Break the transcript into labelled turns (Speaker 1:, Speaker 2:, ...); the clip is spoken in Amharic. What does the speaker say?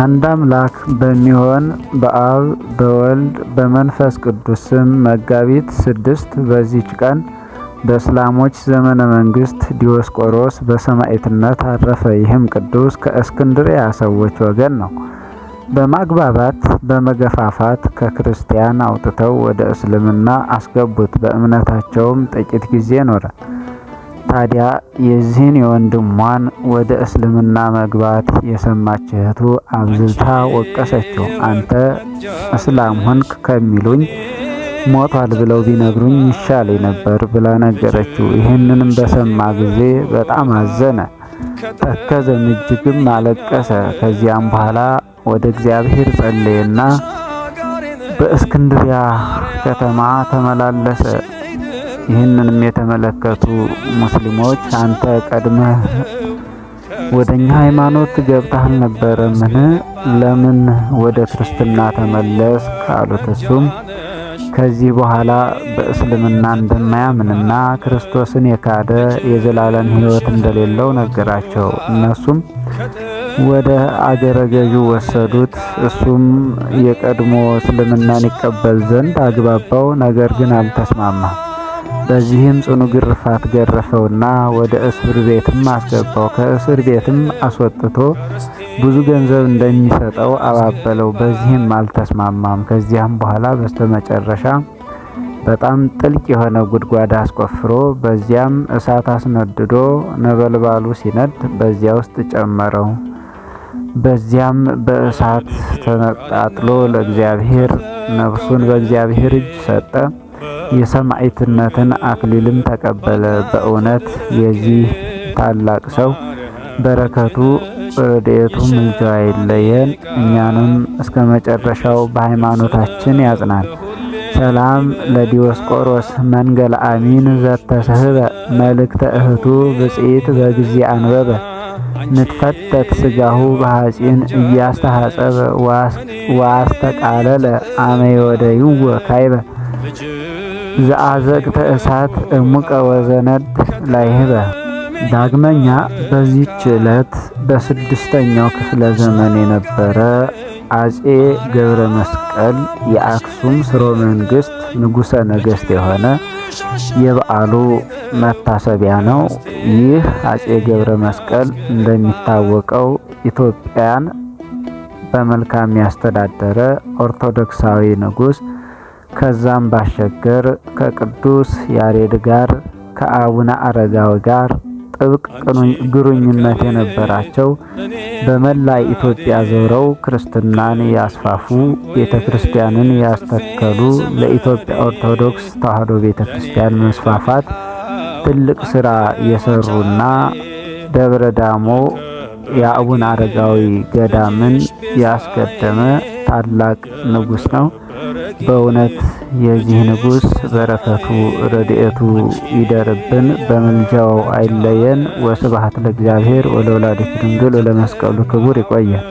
Speaker 1: አንድ አምላክ በሚሆን በአብ በወልድ በመንፈስ ቅዱስ ስም መጋቢት ስድስት በዚች ቀን በእስላሞች ዘመነ መንግስት ዲዮስቆሮስ በሰማዕትነት አረፈ። ይህም ቅዱስ ከእስክንድሪያ ሰዎች ወገን ነው። በማግባባት በመገፋፋት ከክርስቲያን አውጥተው ወደ እስልምና አስገቡት። በእምነታቸውም ጥቂት ጊዜ ኖረ። ታዲያ የዚህን የወንድሟን ወደ እስልምና መግባት የሰማች እህቱ አብዝታ ወቀሰችው። አንተ እስላም ሆንክ ከሚሉኝ ሞቷል ብለው ቢነግሩኝ ይሻለኝ ነበር ብላ ነገረችው። ይህንንም በሰማ ጊዜ በጣም አዘነ፣ ተከዘም፣ እጅግም አለቀሰ። ከዚያም በኋላ ወደ እግዚአብሔር ጸለየና በእስክንድሪያ ከተማ ተመላለሰ። ይህንንም የተመለከቱ ሙስሊሞች አንተ ቀድመህ ወደ እኛ ሃይማኖት ገብተህ ምን ለምን ወደ ክርስትና ተመለስክ? አሉት። እሱም ከዚህ በኋላ በእስልምና እንደማያምንና ክርስቶስን የካደ የዘላለም ሕይወት እንደሌለው ነገራቸው። እነሱም ወደ አገረ ገዡ ወሰዱት። እሱም የቀድሞ እስልምናን ይቀበል ዘንድ አግባባው፣ ነገር ግን አልተስማማም። በዚህም ጽኑ ግርፋት ገረፈውና ወደ እስር ቤትም አስገባው። ከእስር ቤትም አስወጥቶ ብዙ ገንዘብ እንደሚሰጠው አባበለው። በዚህም አልተስማማም። ከዚያም በኋላ በስተመጨረሻ በጣም ጥልቅ የሆነ ጉድጓድ አስቆፍሮ በዚያም እሳት አስነድዶ ነበልባሉ ሲነድ በዚያ ውስጥ ጨመረው። በዚያም በእሳት ተነጣጥሎ ለእግዚአብሔር ነፍሱን በእግዚአብሔር እጅ ሰጠ። የሰማዕትነትን አክሊልም ተቀበለ። በእውነት የዚህ ታላቅ ሰው በረከቱ ረድኤቱ ምልጃው አይለየን፣ እኛንም እስከ መጨረሻው በሃይማኖታችን ያጽናል። ሰላም ለዲዮስቆሮስ መንገል አሚን ዘተስህበ መልእክተ እህቱ ብጽኢት በጊዜ አንበበ ንትፈተት ስጋሁ በሐጺን እያስተሐጸበ አመይ አመ ይወ ካይበ ዘአዘቅተ እሳት እሙቀ ወዘነድ ላይህበ። ዳግመኛ በዚች ዕለት በስድስተኛው ክፍለ ዘመን የነበረ አጼ ገብረ መስቀል የአክሱም ስሮ መንግስት ንጉሠ ነገሥት የሆነ የበዓሉ መታሰቢያ ነው። ይህ አጼ ገብረ መስቀል እንደሚታወቀው ኢትዮጵያን በመልካም ያስተዳደረ ኦርቶዶክሳዊ ንጉሥ ከዛም ባሻገር ከቅዱስ ያሬድ ጋር ከአቡነ አረጋዊ ጋር ጥብቅ ግንኙነት የነበራቸው በመላ ኢትዮጵያ ዞረው ክርስትናን ያስፋፉ ቤተ ክርስቲያንን ያስተከሉ ለኢትዮጵያ ኦርቶዶክስ ተዋሕዶ ቤተ ክርስቲያን መስፋፋት ትልቅ ስራ የሰሩና ደብረ ዳሞ የአቡነ አረጋዊ ገዳምን ያስቀደመ ታላቅ ንጉሥ ነው። በእውነት የዚህ ንጉሥ በረከቱ ረድኤቱ ይደርብን፣ በምልጃው አይለየን። ወስብሐት ለእግዚአብሔር ወለወላዲቱ ድንግል ወለመስቀሉ ክቡር። ይቆያል።